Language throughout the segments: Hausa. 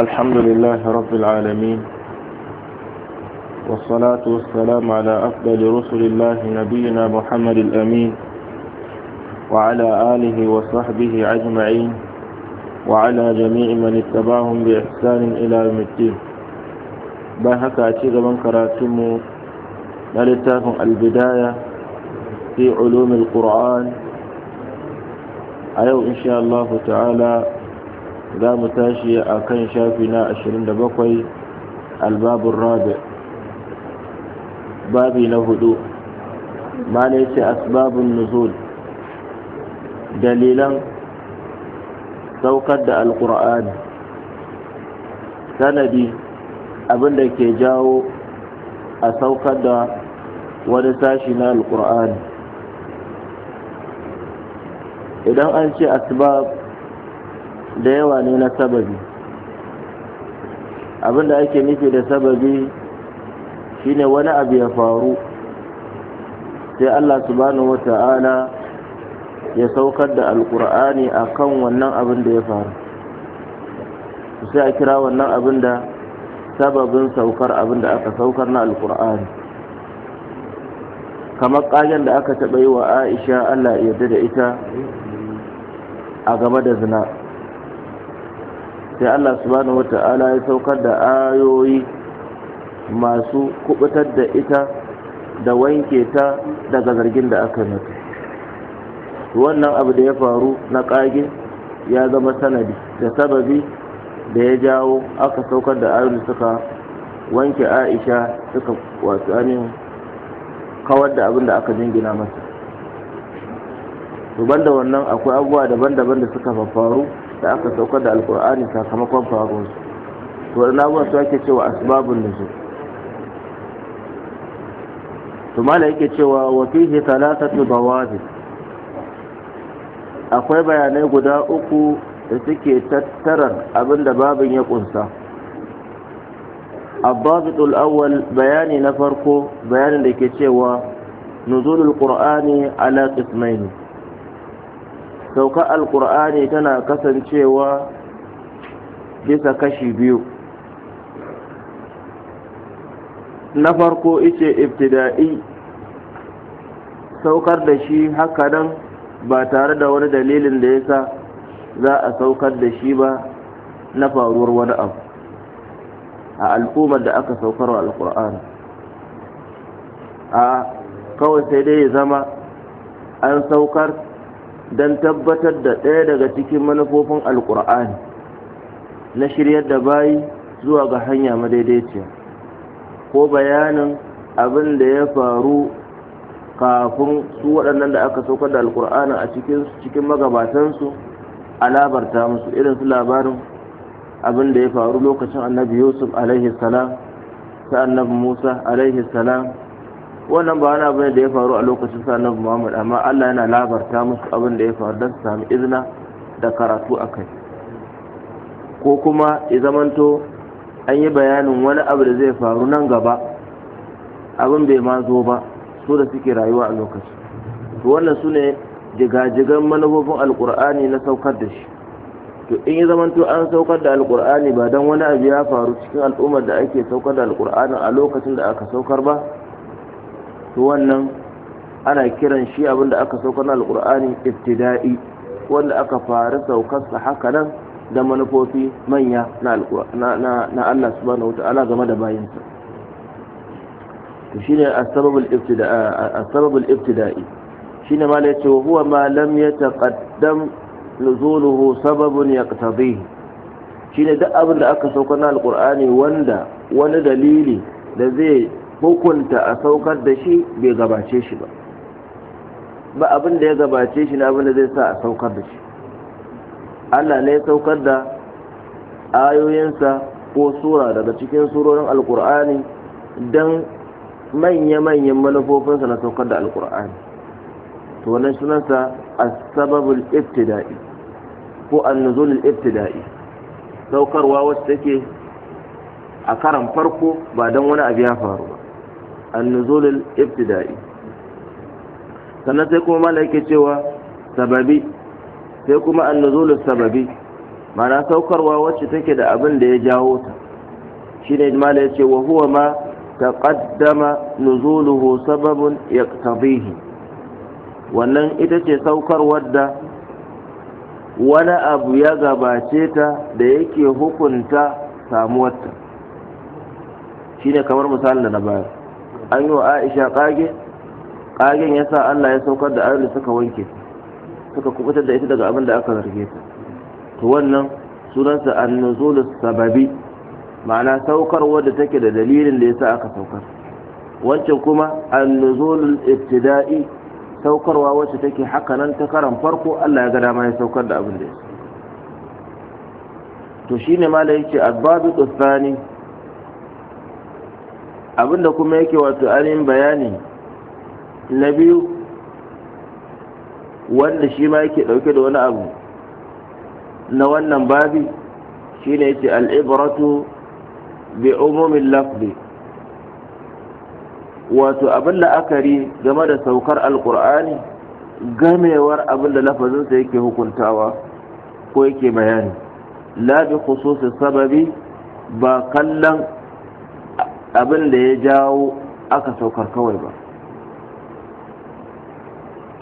الحمد لله رب العالمين والصلاة والسلام على أفضل رسل الله نبينا محمد الأمين وعلى آله وصحبه أجمعين وعلى جميع من اتبعهم بإحسان إلى يوم الدين باهك أتيغ من كراتم نلتاهم البداية في علوم القرآن أيو إن شاء الله تعالى za mu tashi a kan shafi na 27 albabun Rabe, babi na hudu mala ce asbabun nuzul dalilan saukar da alkur'ani sanadi abinda ke jawo a saukar da wani sashi na alkur'ani idan an ce asbab da yawa ne na sababi abinda ake nufi da sababi shine wani abu ya faru sai Allah subhanahu wata'ala ya saukar da alkur'ani a kan wannan abin da ya faru sai a kira wannan abin da sababin saukar abin da aka saukar na alkur'ani kamar ƙagen da aka taɓa yi wa aisha Allah ya yarda da ita a game da zina sai Allah subhanahu wata'ala ya saukar da ayoyi masu kubutar da ita da wanke ta daga zargin da aka mata wannan abu da ya faru na kage ya zama sanadi da sababi da ya jawo aka saukar da ayoyi suka wanke aisha suka wasu amin kawar da abin da aka jingina masa to banda wannan akwai abubuwa daban-daban da suka faru da aka saukar da alkur'ani sakamakon su to da abubuwan su ake cewa asbabun su? to mala yake cewa wa fihi talatatu bawabi akwai bayanai guda uku da suke tattarar abin da babin ya kunsa na farko, بيان da بيان cewa نزول القرآن ala قسمين sauka alkur'ani tana kasancewa bisa kashi biyu na farko ice ibtida'i saukar da shi haka nan ba tare da wani dalilin da yasa za a saukar da shi ba na faruwar wani abu a al'ummar da aka saukar wa alkur'ani a kawai sai dai ya zama an saukar don tabbatar da ɗaya daga cikin manufofin Alƙur'ani na shiryar da bayi zuwa ga hanya madaidaiciya ko bayanin abin da ya faru kafin su waɗannan da aka saukar da Alƙur'ani a cikin magabatansu a labarta musu irin su labarin abin da ya faru lokacin annabi yusuf alaihi salam ta annabi musa alaihi salam wannan ba wani abin da ya faru a lokacin sa na Muhammad amma Allah yana labarta musu abin da ya faru don su sami izina da karatu a kai ko kuma ya zamanto an yi bayanin wani abu da zai faru nan gaba abin bai ma zo ba su da suke rayuwa a lokaci to wannan su ne jigajigan manufofin alkur'ani na saukar da shi to in ya zamanto an saukar da alkur'ani ba don wani abu ya faru cikin al'ummar da ake saukar da alkur'ani a lokacin da aka saukar ba to wannan ana kiran shi abinda aka sauka na alkur'ani ibtida'i wanda aka fara saukarsa haka nan da manufofi manya na Allah subhanahu wata'ala game da bayansa to shine asbabul ibtida'i shine ma ce wa huwa ma lam yataqaddam nuzuluhu sababun Shi ne duk abin da aka sauka na alkur'ani wanda wani dalili da zai hukunta a saukar da shi bai gabace shi ba ba abin da ya gabace shi na abin da zai sa a saukar da shi Allah ne ya saukar da ayoyinsa ko sura daga cikin surorin alkur'ani don manya-manyan manufofinsa na saukar da alkur'ani to wannan sunansa Asababul ibtida'i ko annuzulul ibtida'i saukarwa wacce take a karan farko ba don wani abu ya faru ba annuzulul ibtida'i sannan sai kuma mala yake cewa sababi sai kuma annuzulul sababi mana saukarwa wacce take da abin da ya jawo ta shine mala yace wa huwa ma taqaddama nuzuluhu sababun yaqtadihi wannan ita ce saukarwar da wani abu ya gabace ta da yake hukunta ta, shine kamar misalin da na bayar an yi wa aisha kage kagen ya sa allah ya saukar da ayoyi suka wanke suka kubutar da ita daga abin da aka zarge ta to wannan sunansa annuzul sababi ma'ana saukar da take da dalilin da yasa aka saukar wancan kuma annuzul ibtida'i saukarwa wacce take haka nan ta karan farko Allah ya ga dama ya saukar da abin da yasa to shine malai yake adbabu tsani abinda kuma yake wato ainihin bayani na biyu wanda shi ma yake dauke da wani abu na wannan babi shine yake al'ibratu bi umumin lafzi wato abin la'akari game da saukar alkur'ani gamewar abin da lafazinsa yake hukuntawa ko yake bayani la bi sababi ba kallon abin da ya jawo aka saukar kawai ba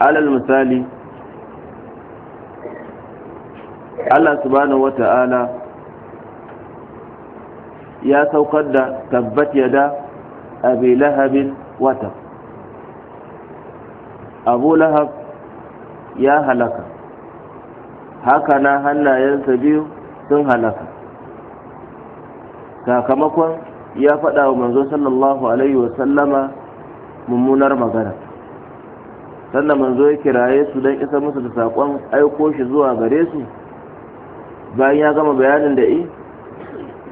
alal misali Allah subhanahu wa ta'ala ya saukar da tabbat yada abi lahabin wata abu lahab ya halaka haka na hannayensa biyu sun halaka sakamakon ya faɗa wa manzo sallallahu alaihi wa sallama mummunar magana sannan manzo ya kiraye su don isa musu da saƙon aiko shi zuwa gare su bayan ya gama bayanin da i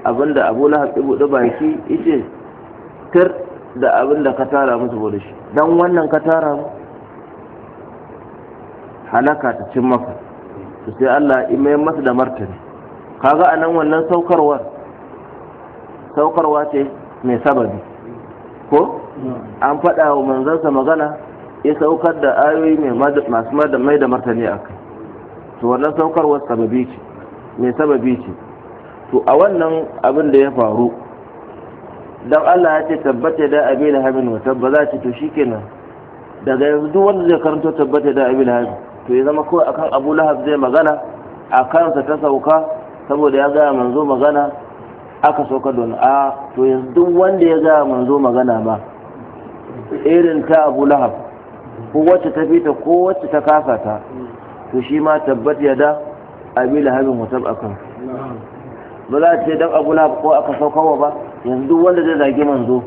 abinda abu lahab buɗe baki ice tir da abinda ka tara musu bude shi don wannan ka tara mu halaka ta cin maka to sai Allah ya masa da martani kaga anan wannan saukarwar saukarwa ce mai sababi ko an faɗa wa manzansa magana ya saukar da ayoyi masu mai da martani a kai to wannan saukarwa sababi ce mai sababi ce to a wannan abin da ya faru Don Allah ya ce tabbata da da hamin wata ba za ce to shi kenan daga yanzu duk wanda zai karanto tabbata da da hamin to ya zama kawai akan abu lahab zai magana a kansa ta sauka saboda ya gaya manzo magana aka sauka don a to yanzu duk wanda ya gaya manzo magana ba irin ta abu lahab ko wacce ta fita ko wacce ta kasa ta to shi ma tabbat ya da abi lahabin mutab akan ba za ce dan abu lahab ko aka wa ba yanzu duk wanda zai zagi manzo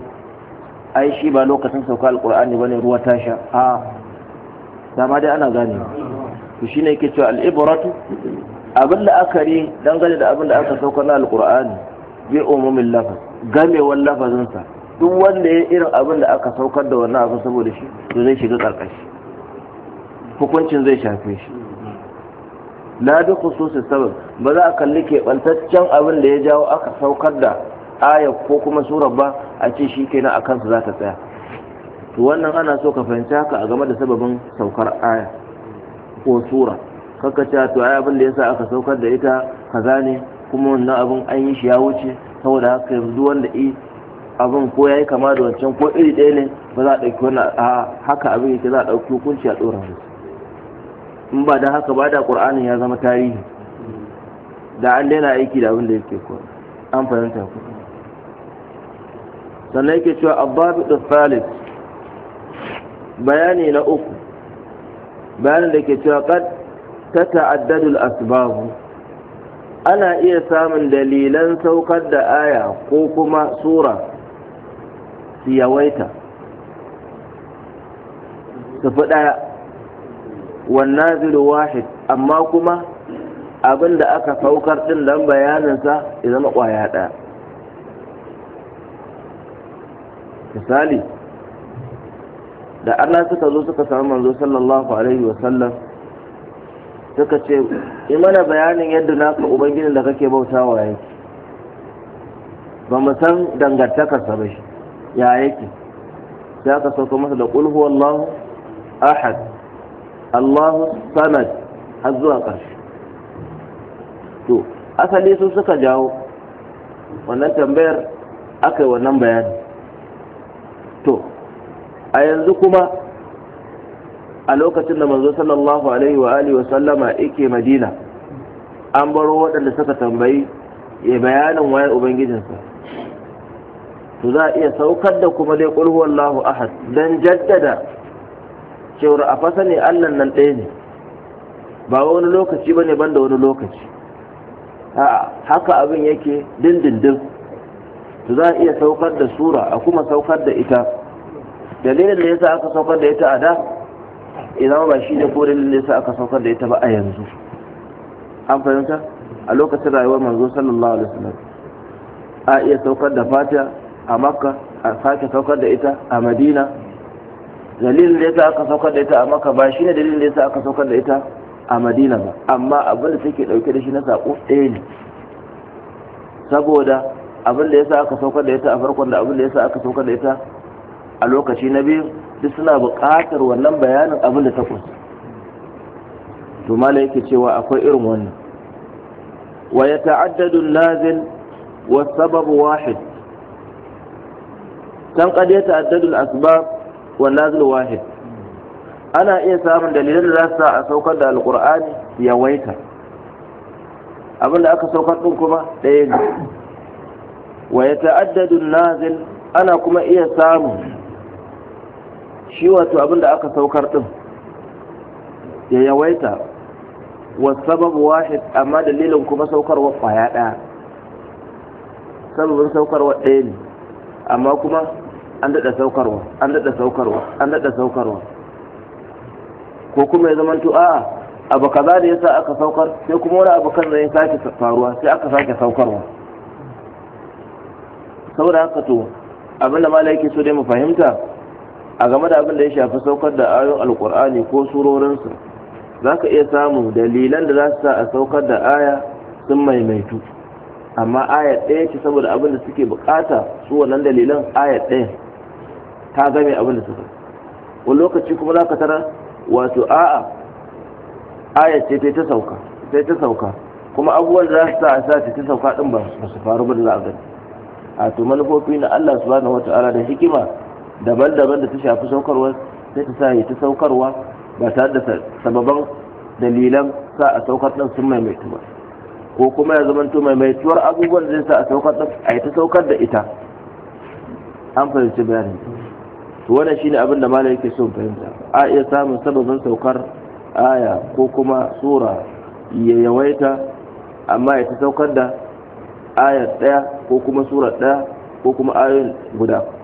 ai shi ba lokacin sauka alqur'ani bane ruwa ta sha a dama dai ana gane to shine yake cewa al-ibratu abin la'akari dangane da abin da aka sauka na alqur'ani bi umumin lafaz gamewar lafazinsa duk wanda ya irin abin da aka saukar da wannan abin saboda shi to zai shiga karkashi hukuncin zai shafe shi la bi khususi sabab ba za a kalli keɓantaccen abin da ya jawo aka saukar da aya ko kuma surar ba a ce shi kenan a kansu za ta tsaya to wannan ana so ka fahimci haka a game da sababin saukar aya ko sura kakkace to aya abin da yasa aka saukar da ita kaza ne kuma wannan abin an yi shi ya wuce saboda haka yanzu wanda i abin ko ya yi kama da wancan ko iri ɗaya ne ba za a ɗauki wannan haka abin yake za a ɗauki hukunci a ɗora musu in ba da haka ba da ƙur'anin ya zama tarihi da an daina aiki da abin da yake ko an fahimta ku sannan yake cewa abbabi da salis bayani na uku bayanin da ke cewa kad ta ta'addadul asbabu ana iya samun dalilan saukar da aya ko kuma sura su yawaita su fi ɗaya wannan zuru wahid amma kuma abin da aka saukar ɗin don bayaninsa ya zama ƙwaya ɗaya misali da Allah suka zo suka samu manzo sallallahu alaihi wasallam suka ce yi mana bayanin yadda naka ubangijin da kake bauta wa yake ba mu san dangantakarsa ba shi ya yake sai aka sauka masa da ƙulhu wallahu ahad allahu samad har zuwa ƙarshe to asali su suka jawo wannan tambayar aka yi wannan bayani to a yanzu kuma a lokacin da manzo sallallahu alaihi wa alihi wa sallama yake madina an baro waɗanda suka tambayi ya bayanin wayar ubangijinsa to za a iya saukar da kuma dai qul huwallahu ahad dan jaddada cewa a fasa ne Allah nan ɗaya ne ba wani lokaci bane banda wani lokaci a'a haka abin yake dindindin to za a iya saukar da sura a kuma saukar da ita dalilin da yasa aka saukar da ita a da idan ba shi ne ko dalilin da aka saukar da ita ba a yanzu an fahimta a lokacin rayuwar manzo sallallahu alaihi wasallam a iya saukar da fata a makka a sake saukar da ita a madina dalilin da yasa aka saukar da ita a makka ba ne dalilin da yasa aka saukar da ita a madina ba amma abin da take dauke da shi na sako ɗaya ne saboda abin da yasa aka saukar da ita a farkon da abin da yasa aka saukar da ita a lokaci na biyu duk suna buƙatar wannan bayanin abin da ta kunsa to mala yake cewa akwai irin wannan wa ya ta'addadu nazil wa sababu wahid kan qad ya ta'addadu asbab wa nazil wahid ana iya samun dalilan da za su sa a saukar da alqur'ani waita abin da aka saukar din kuma ɗaya ne wa ya ta'addadu nazil ana kuma iya samun shi wato abin da aka saukar din ya yawaita wasababu wahid amma dalilin kuma saukarwa kwaya ɗaya sababin saukarwa ɗaya ne amma kuma an daɗa saukarwa an daɗa saukarwa an daɗa saukarwa ko kuma ya zamanto a abu kaza da yasa aka saukar sai kuma wani abu kan ya sake faruwa sai aka sake saukarwa saboda haka to abinda malaki so dai mu fahimta a game da abin da ya shafi saukar da ayoyin alkur'ani ko surorinsu za ka iya samu dalilan da za su sa a saukar da aya sun maimaitu amma aya ɗaya ce saboda abin da suke bukata su wannan dalilan aya ɗaya ta game abin da suka wani lokaci kuma za ka tara wato a'a aya ce ta sauka sai ta sauka kuma abubuwan da za su sa a sa ta sauka ɗin ba su faru ba da za a gani a to manufofi na Allah subhanahu wata'ala da hikima daban-daban da ta shafi saukarwa sai ta sa ta saukarwa ba tare da sababan dalilan sa a saukar ɗan sun maimaitu ba ko kuma ya zama to maimaituwar abubuwan zai sa a saukar ɗan a ta saukar da ita an fahimci bayanin to wannan shine abin da malai yake son fahimta a iya samun sababin saukar aya ko kuma sura ya yawaita amma ya ta saukar da aya ɗaya ko kuma sura ɗaya ko kuma ayoyin guda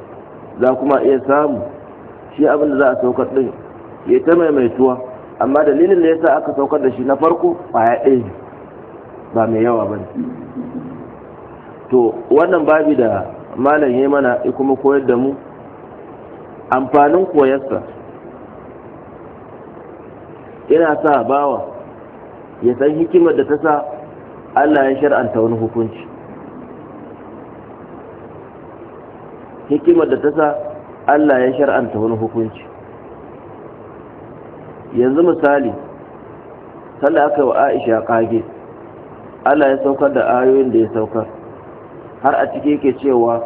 za kuma iya samu shi abin da za a saukar ɗin ya ta tuwa? amma dalilin da ya sa aka saukar da shi na farko ƙwaya ɗaya ba mai yawa ba to wannan babi da malam ya mana ya kuma koyar da mu amfanin koyarsa ina sa bawa ya san hikimar da ta sa Allah ya shar'anta wani hukunci hikimar da ta sa Allah ya shar'anta wani hukunci yanzu misali sallah aka wa Aisha kage Allah ya saukar da ayoyin da ya saukar har a ciki yake cewa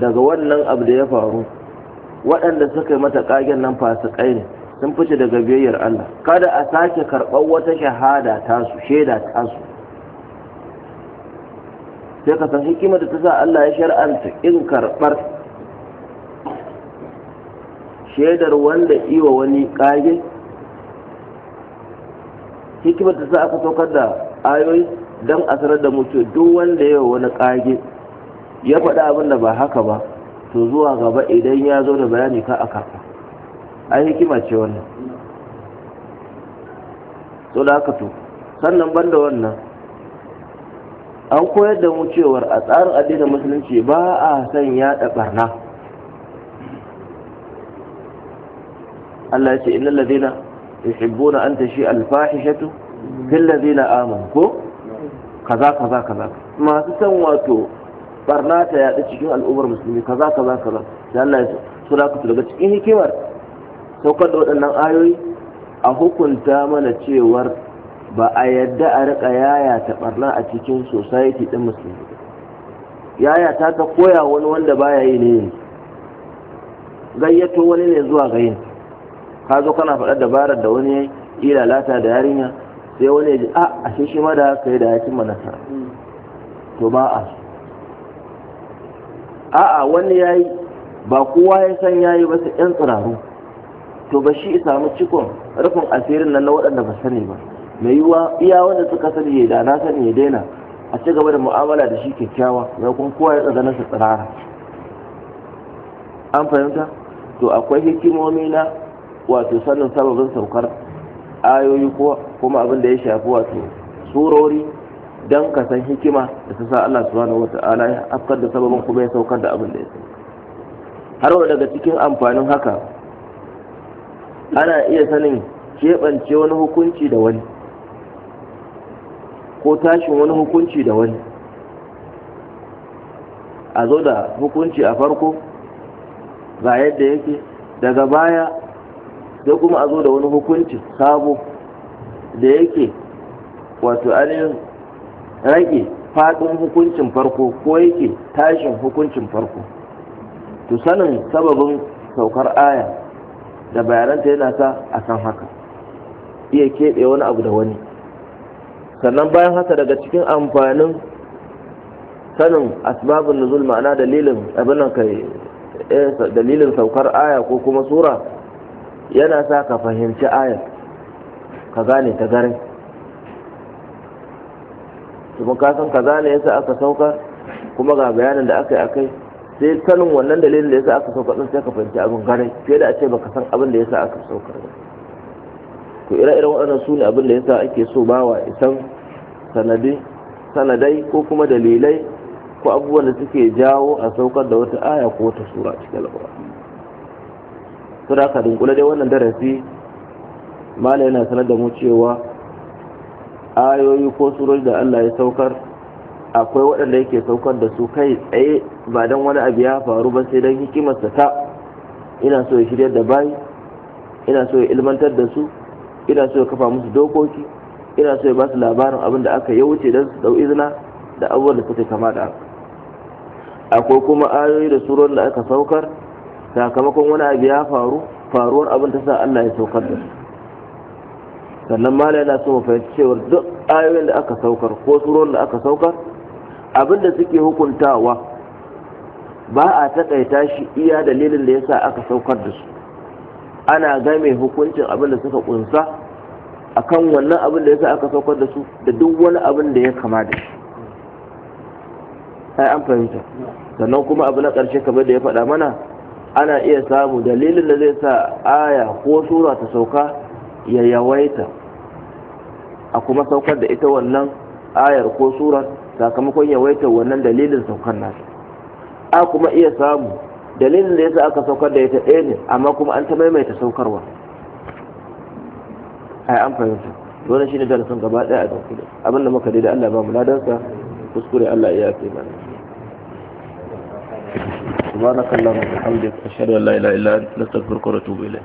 daga wannan abu da ya faru waɗanda suka yi mata kagen nan fasikai ne sun fice daga biyayyar Allah kada a sake karɓar wata shahada tasu shaida tasu sai ka san hikimar da ta sa Allah ya shar'anta in karɓar shaidar wanda iwa wani ƙage hikimar da ta sa aka saukar da ayoyi don a sanar da mutu duk wanda yawa wani ƙage ya faɗi abin da ba haka ba to zuwa gaba idan ya zo da bayani ka a karɓa ai hikima ce wannan to da haka to sannan banda wannan an koyar da mu cewar a tsarin addinin musulunci ba a son yaɗa barna Allah ya ce innal ladina yuhibbuna an tashi al fahishatu fil ladina amanu ko kaza kaza kaza masu san wato barna ta yaɗa cikin al'ummar musulmi kaza kaza kaza sai Allah ya so da ku daga cikin hikimar saukar da waɗannan ayoyi a hukunta mana cewar ba a yadda a riƙa yaya ta ɓarna a cikin society ɗin musulmi yaya ta ta koya wani wanda ba ya yi ne gayyato wani ne zuwa gayin ka zo kana faɗa dabarar da wani yi lalata da yarinya sai wani ya ji a ah, ashe shi ma da haka yi da ya cimma nasara to ba a a'a wani ya yi ba kowa ya san ya yi ba sai 'yan tsiraru to ba shi samu cikon rufin asirin nan na waɗanda ba sani ba mai yiwuwa iya wanda suka sani ya da na sani ya daina a ci gaba da mu'amala da shi kyakkyawa ya kuma kowa ya tsada nasa tsirara an fahimta to akwai hikimomi na wato sanin sababin saukar ayoyi ko kuma abin da ya shafi wato surori don ka san hikima da ta sa Allah subhanahu wa ta'ala ya afkar da sababin kuma ya saukar da abin da ya saukar har wa daga cikin amfanin haka ana iya sanin keɓance wani hukunci da wani ko tashin wani hukunci da wani a zo da hukunci a farko ga yadda yake daga baya sai kuma a zo da wani hukunci sabo da yake wato ainihin rage faɗin hukuncin farko ko yake tashin hukuncin farko to sanin sababin saukar aya da bayananta yana sa a san haka iya keɓe wani abu da wani sannan bayan haka daga cikin amfanin sanin asbabun nuzul ma'ana dalilin abin nan kai eh, dalilin saukar aya ko kuma sura yana sa ka fahimci ayar ka gane ta garin kuma ka san ka gane yasa aka sauka kuma ga bayanin da aka yi akai sai sanin wannan dalilin da yasa aka sauka din sai ka fahimci abin garai fiye da a ce baka san abin da yasa aka saukar ba ku ire-iren waɗannan su abin da ya yasa ake so ba wa isan sanadai ko kuma dalilai ko abubuwan da suke jawo a saukar da wata aya ko wata sura cikin alƙur'ani to da ka dunkule dai wannan darasi malai yana sanar da mu cewa ayoyi ko surori da Allah ya saukar akwai waɗanda yake saukar da su kai tsaye ba don wani abu ya faru ba sai don hikimarsa ta ina so ya shirya da bayi ina so ya ilmantar da su ina so ya kafa musu dokoki ina so ya ba su labarin abin da aka yi wuce don su dau izina da abubuwan da suka kama da akwai kuma ayoyi da surar da aka saukar sakamakon wani abu ya faru faruwar abin ta sa Allah ya saukar da sannan mala yana so mu fahimci cewar duk ayoyin da aka saukar ko surar da aka saukar abin da suke hukuntawa ba a taƙaita shi iya dalilin da yasa aka saukar da su ana game hukuncin abin da suka kunsa a kan wannan abin da ya sa aka saukar da su da duk wani abin da ya kama da shi ai an fahimta sannan kuma abu na ƙarshe kamar da ya faɗa mana ana iya samu dalilin da zai sa aya ko sura ta sauka ya yawaita a kuma saukar da ita wannan ayar ko surar sakamakon yawaitar wannan dalilin saukar nasu a kuma iya samu dalilin da ya aka saukar da ita ɗaya ne amma kuma an ta maimaita saukarwa ai an fahimta wannan shine darasin gaba ɗaya a da abinda muka da Allah ba mu ladansa kuskure Allah ya yafe mana